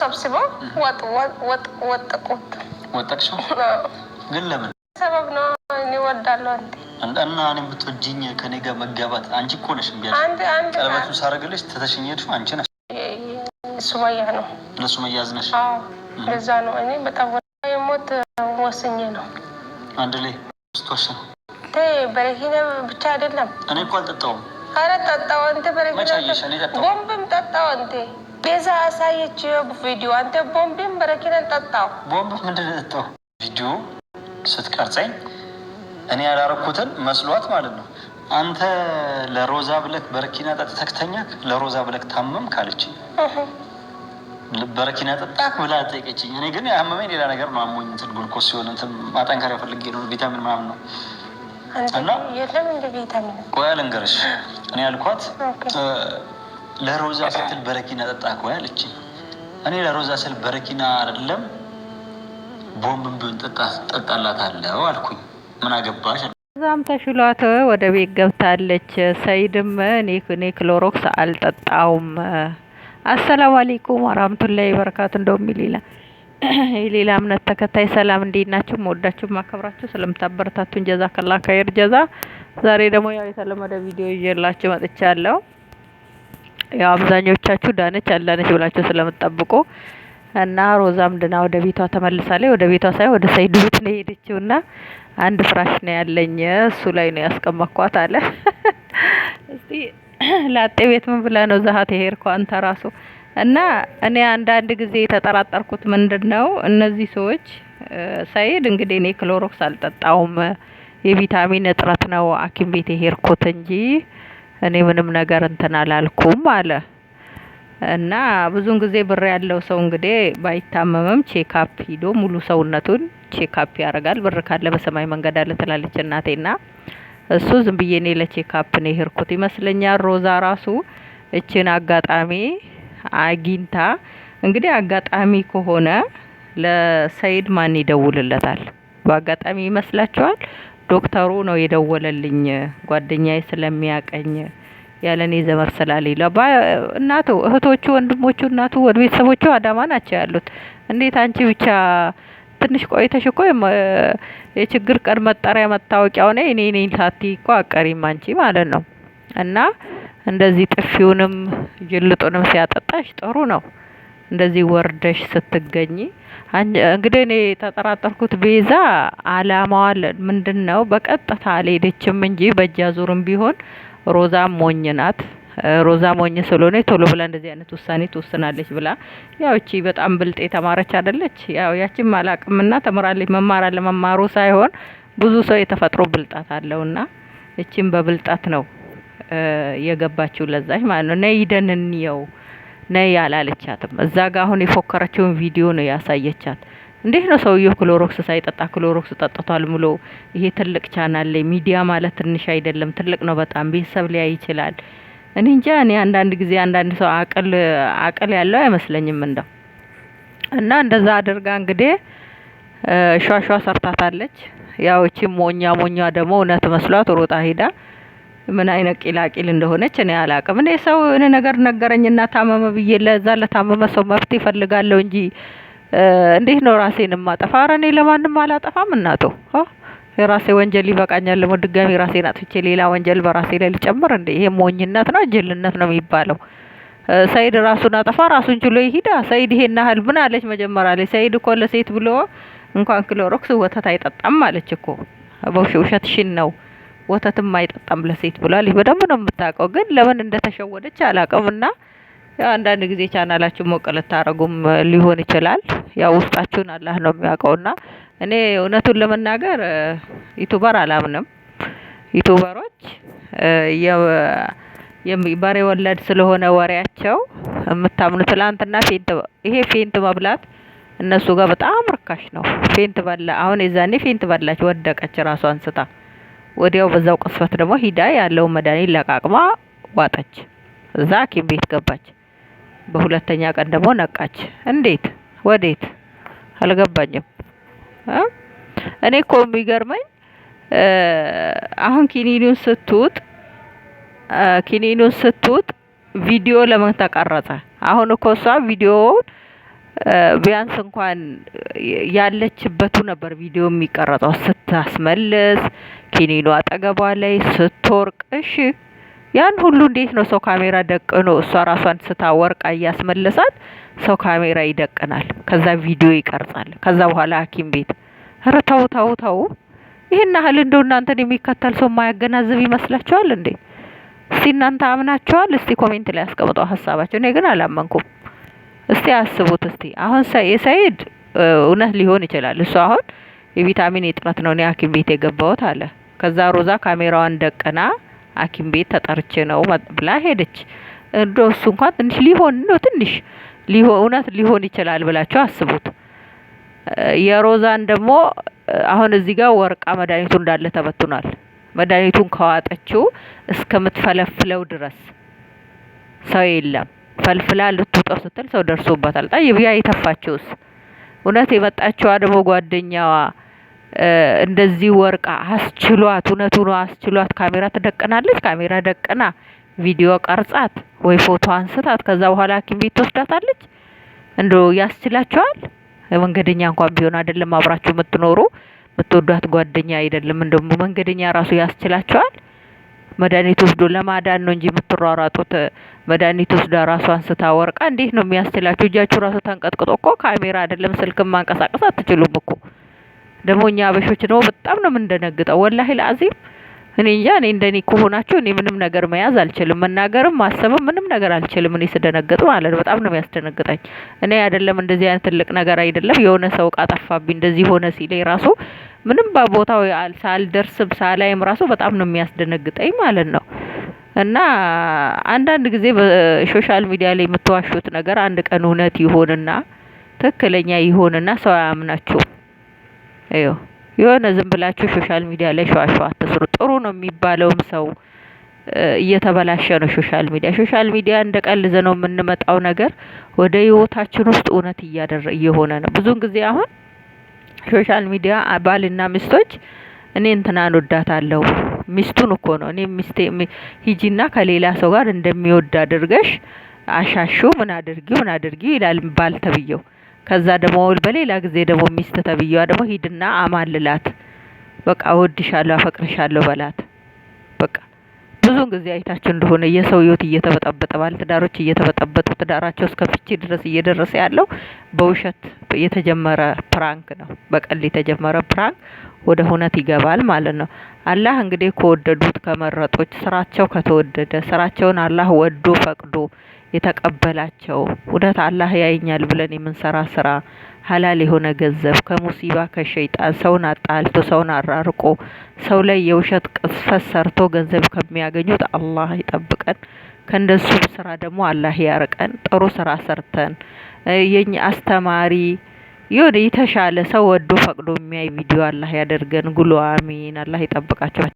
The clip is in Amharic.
ሰብስበው ወጥ ወጥ ወጥቁት ወጠቅሽው ግን ለምን ሰበብ ነው? እኔ እወዳለሁ አንተ እና እኔም ብትወጂኝ ከኔ ጋር መጋባት አንቺ እኮ ነሽ እምቢ አልሽ። ቀለበቱን ሳደርግልሽ ትተሽኝ ሄድሽው አንቺ ነሽ። ሱመያ ነው ለሱመያ መያዝ ነሽ። ለዛ ነው እኔ በጣም የሞት ወስኜ ነው። አንድ ላይ ስትወሽ ነው በረኪና ብቻ አይደለም። እኔ እኮ አልጠጣሁም። ኧረ ጠጣሁ እንትን በረኪና ጎንብም ጠጣሁ እንትን ቤዛ አሳየች ቪዲዮ። አንተ ቦምቤን በረኪናን ጠጣው። ቦምብ ምንድን ጠጣው? ቪዲዮ ስትቀርጸኝ እኔ ያላረኩትን መስሏት ማለት ነው። አንተ ለሮዛ ብለክ በረኪና ጠጥተህ ተኛክ፣ ለሮዛ ብለክ ታመምክ አለችኝ። በረኪና ጠጣክ ብላ ጠየቀችኝ። እኔ ግን ያመመኝ ሌላ ነገር ነው። አሞኝ እንትን ጉልኮስ ሲሆን እንትን ማጠንከሪያ ፈልጌ ነው፣ ቪታሚን ምናምን ነው እና ቆይ ልንገርሽ እኔ ያልኳት ለሮዛ ስትል በረኪና ጠጣ እኮ ያለች። እኔ ለሮዛ ስል በረኪና አይደለም ቦምብን ቢሆን ጠጣላታለሁ አልኩኝ። ምን አገባሽ? ከዛም ተሽሏት ወደ ቤት ገብታለች። ሰይድም እኔ ክሎሮክስ አልጠጣውም አሰላሙ አሌይኩም ወራህመቱላሂ በረካቱ እንደውም ይሌላ የሌላ እምነት ተከታይ ሰላም፣ እንዴት ናችሁ? መወዳችሁ ማከብራችሁ ስለምታበረታቱን ጀዛ ከላ ከይር ጀዛ። ዛሬ ደግሞ ያው የተለመደ ቪዲዮ ይዤላችሁ መጥቻለሁ። ያው አብዛኞቻችሁ ዳነች አላነች ብላችሁ ስለምትጠብቁ እና ሮዛም ድና ወደ ቤቷ ተመልሳለች። ወደ ቤቷ ሳይሆን ወደ ሰይድ ቤት ነው የሄደችው ና አንድ ፍራሽ ነው ያለኝ እሱ ላይ ነው ያስቀመኳት አለ። እስቲ ላጤ ቤት ምን ብላ ነው ዛሀት የሄድኩ አንተ ራሱ እና እኔ አንዳንድ ጊዜ የተጠራጠርኩት ምንድን ነው እነዚህ ሰዎች ሰይድ እንግዲህ እኔ ክሎሮክስ አልጠጣውም የቪታሚን እጥረት ነው ሐኪም ቤት የሄድኩት እንጂ እኔ ምንም ነገር እንትን አላልኩም አለ። እና ብዙን ጊዜ ብር ያለው ሰው እንግዲህ ባይታመምም ቼካፕ ሂዶ ሙሉ ሰውነቱን ቼካፕ ያደርጋል። ብር ካለ በሰማይ መንገድ አለ ትላለች እናቴና እሱ ዝም ብዬ እኔ ለቼካፕ ነው የሄድኩት ይመስለኛል። ሮዛ ራሱ እችን አጋጣሚ አግኝታ እንግዲህ አጋጣሚ ከሆነ ለሰይድ ማን ይደውልለታል? በአጋጣሚ ይመስላችኋል? ዶክተሩ ነው የደወለልኝ ጓደኛዬ ስለሚያቀኝ ያለኔ ዘመር ስለሌለ እናቱ እህቶቹ ወንድሞቹ እናቱ ወደ ቤተሰቦቹ አዳማ ናቸው ያሉት። እንዴት አንቺ ብቻ ትንሽ ቆይተሽ እኮ የችግር ቀን መጠሪያ መታወቂያው ነ እኔ እኔ ሳቲ እኮ አቀሪም አንቺ ማለት ነው። እና እንደዚህ ጥፊውንም ጅልጡንም ሲያጠጣሽ ጥሩ ነው። እንደዚህ ወርደሽ ስትገኝ እንግዲህ እኔ የተጠራጠርኩት ቤዛ አላማዋል ነው? በቀጥታ አልሄደችም እንጂ በእጃ ዙርም ቢሆን ሮዛ ሞኝ ናት። ሮዛ ሞኝ ስለሆነ ቶሎ ብላ እንደዚህ አይነት ውሳኔ ትወስናለች ብላ ያው እቺ በጣም ብልጥ የተማረች አደለች? ያው ያቺም አላቅምና ተምራለች። መማር አለመማሩ ሳይሆን ብዙ ሰው የተፈጥሮ ብልጣት አለውና እቺም በብልጣት ነው የገባችው ለዛች ማለት ነው። ነይ ሂደን እንየው ነይ ያላለቻትም። እዛ ጋ አሁን የፎከረችውን ቪዲዮ ነው ያሳየቻት። እንዴት ነው ሰውየው ክሎሮክስ ሳይጠጣ ክሎሮክስ ጠጥቷል ብሎ? ይሄ ትልቅ ቻናል ላይ ሚዲያ ማለት ትንሽ አይደለም፣ ትልቅ ነው በጣም ቤተሰብ ሊያይ ይችላል። እኔ እንጃ። እኔ አንዳንድ ጊዜ አንዳንድ ሰው አቅል አቅል ያለው አይመስለኝም እንደው እና እንደዛ አድርጋ እንግዲህ ሿሿ ሰርታታለች። ያው እቺ ሞኛ ሞኛ ደግሞ እውነት መስሏት ሮጣ ሄዳ ምን አይነት ቂላቂል እንደሆነች እኔ አላቅም። እኔ ሰው እኔ ነገር ነገረኝና ታመመ ብዬ ለዛ ለታመመ ሰው መፍትሄ ይፈልጋለሁ እንጂ እንዴት ነው ራሴን ማጠፋ? ኧረ እኔ ለማንም አላጠፋም። እናቶ የራሴ ወንጀል ይበቃኛል። ደግሞ ድጋሚ ራሴን አጥፍቼ ሌላ ወንጀል በራሴ ላይ ልጨምር እንዴ? ይሄ ሞኝነት ነው፣ ጅልነት ነው የሚባለው። ሰይድ ራሱን አጠፋ፣ ራሱን ችሎ ይሂዳ። ሰይድ ይሄን ያህል ምን አለች መጀመሪያ ላይ? ሰይድ እኮ ለሴት ብሎ እንኳን ክሎሮክስ ወተት አይጠጣም አለች እኮ። ሽን ነው ወተትም አይጠጣም ለሴት ብሏል። ይህ በደንብ ነው የምታውቀው፣ ግን ለምን እንደተሸወደች አላውቅም። እና አንዳንድ ጊዜ ቻናላችሁ ሞቅ ልታረጉም ሊሆን ይችላል። ያው ውስጣችሁን አላህ ነው የሚያውቀውና እኔ እውነቱን ለመናገር ዩቱበር አላምንም። ዩቱበሮች በሬ ወለድ ስለሆነ ወሬያቸው የምታምኑ ትላንትና ፌንት ይሄ ፌንት መብላት እነሱ ጋር በጣም ርካሽ ነው። ፌንት በላ አሁን የዛኔ ፌንት በላች ወደቀች ራሷ አንስታ ወዲያው በዛው ቅስፈት ደግሞ ሂዳ ያለውን መድኃኒት ለቃቅማ ዋጠች። እዛ ሐኪም ቤት ገባች። በሁለተኛ ቀን ደግሞ ነቃች። እንዴት ወዴት አልገባኝም። እኔ እኮ የሚገርመኝ አሁን ኪኒኑን ስትውጥ ኪኒኑን ስትውጥ ቪዲዮ ለምን ተቀረጸ? አሁን እኮ እሷ ቪዲዮውን ቢያንስ እንኳን ያለችበቱ ነበር ቪዲዮ የሚቀረጸው። ስታስመልስ፣ ኪኒኑ አጠገቧ ላይ ስትወርቅ፣ እሺ ያን ሁሉ እንዴት ነው ሰው ካሜራ ደቅኖ እሷ ራሷን ስታወርቃ እያስመለሳት ሰው ካሜራ ይደቅናል፣ ከዛ ቪዲዮ ይቀርጻል፣ ከዛ በኋላ ሀኪም ቤት ኧረ ተው ተው ተው። ይህን ያህል እንደው እናንተን የሚከተል ሰው የማያገናዝብ ይመስላችኋል እንዴ? እስቲ እናንተ አምናችኋል? እስቲ ኮሜንት ላይ አስቀምጠው ሀሳባቸው። እኔ ግን አላመንኩም። እስቲ አስቡት። እስቲ አሁን የሰይድ እውነት ሊሆን ይችላል። እሱ አሁን የቪታሚን እጥረት ነው እኔ ሐኪም ቤት የገባሁት አለ። ከዛ ሮዛ ካሜራዋን ደቅና ሐኪም ቤት ተጠርቼ ነው ብላ ሄደች። እንዶ እሱ እንኳን ትንሽ ሊሆን ነው ትንሽ ሊሆን እውነት ሊሆን ይችላል ብላችሁ አስቡት። የሮዛን ደግሞ አሁን እዚህ ጋር ወርቃ መድኃኒቱ እንዳለ ተበትኗል። መድኃኒቱን ከዋጠችው እስከምትፈለፍለው ድረስ ሰው የለም። ፈልፍላ ልትውጠው ስትል ሰው ደርሶባታል። ጠይብ ያ የተፋችውስ እውነት የመጣችዋ ደግሞ ጓደኛዋ እንደዚህ ወርቃ አስችሏት፣ እውነቱ ነው አስችሏት። ካሜራ ትደቅናለች። ካሜራ ደቅና ቪዲዮ ቀርጻት ወይ ፎቶ አንስታት ከዛ በኋላ ሐኪም ቤት ትወስዳታለች። እንዶ ያስችላቸዋል። መንገደኛ እንኳን ቢሆን አይደለም አብራችሁ የምትኖሩ የምትወዷት ጓደኛ አይደለም እንደሞ መንገደኛ ራሱ ያስችላቸዋል። መድኃኒት ወስዶ ለማዳን ነው እንጂ የምትሯሯጡት። መድኃኒት ወስዳ ራሷን ስታወርቃ እንዴት ነው የሚያስችላችሁ? እጃችሁ ራሱ ተንቀጥቅጦ እኮ ካሜራ አይደለም ስልክም ማንቀሳቀስ አትችሉም እኮ። ደግሞ እኛ አበሾች ደግሞ በጣም ነው የምንደነግጠው። ወላሂ ለአዚም እኔ እንጃ እኔ እንደኔ ከሆናችሁ እኔ ምንም ነገር መያዝ አልችልም። መናገርም ማሰብም ምንም ነገር አልችልም። እኔ ስደነግጥ ማለት በጣም ነው የሚያስደነግጠኝ። እኔ አይደለም እንደዚህ አይነት ትልቅ ነገር አይደለም የሆነ ሰው እቃ ጠፋብኝ እንደዚህ ሆነ ሲለኝ ራሱ ምንም በቦታው ሳልደርስም ሳላይም ራሱ በጣም ነው የሚያስደነግጠኝ ማለት ነው። እና አንዳንድ ጊዜ በሶሻል ሚዲያ ላይ የምትዋሹት ነገር አንድ ቀን እውነት ይሆንና ትክክለኛ ይሆንና ሰው አያምናችሁ። ይኸው የሆነ ዝም ብላችሁ ሶሻል ሚዲያ ላይ ሸዋሸዋ አትስሩ። ጥሩ ነው የሚባለውም ሰው እየተበላሸ ነው። ሶሻል ሚዲያ ሶሻል ሚዲያ እንደ ቀልዝ ነው የምንመጣው ነገር ወደ ህይወታችን ውስጥ እውነት እያደረ እየሆነ ነው። ብዙን ጊዜ አሁን ሶሻል ሚዲያ ባልና ሚስቶች እኔ እንትናን እወዳታለሁ ሚስቱን እኮ ነው እኔ ሚስቴ ሂጂና ከሌላ ሰው ጋር እንደሚወድ አድርገሽ አሻሹ ምን አድርጊ ምን አድርጊ ይላል ባል ተብየው። ከዛ ደግሞ በሌላ ጊዜ ደግሞ ሚስት ተብዬዋ ደግሞ ሂድና አማልላት በቃ እወድሻለሁ፣ አፈቅርሻለሁ በላት። በቃ ብዙውን ጊዜ አይታችሁ እንደሆነ የሰው ህይወት እየተበጠበጠ ባለትዳሮች እየተበጠበጡ ትዳራቸው እስከ ፍቺ ድረስ እየደረሰ ያለው በውሸት የተጀመረ ፕራንክ ነው። በቀል የተጀመረ ፕራንክ ወደ ሁነት ይገባል ማለት ነው። አላህ እንግዲህ ከወደዱት ከመረጦች ስራቸው ከተወደደ ስራቸውን አላህ ወዶ ፈቅዶ የተቀበላቸው እውነት አላህ ያይኛል ብለን የምንሰራ ስራ ሀላል የሆነ ገንዘብ ከሙሲባ ከሸይጣን ሰውን አጣልቶ ሰውን አራርቆ ሰው ላይ የውሸት ቅስፈት ሰርቶ ገንዘብ ከሚያገኙት አላህ ይጠብቀን። ከእንደሱ ስራ ደግሞ አላህ ያርቀን። ጥሩ ስራ ሰርተን የኝ አስተማሪ የሆነ የተሻለ ሰው ወዶ ፈቅዶ የሚያይ ቪዲዮ አላህ ያደርገን። ጉሎ አሚን። አላህ ይጠብቃቸው።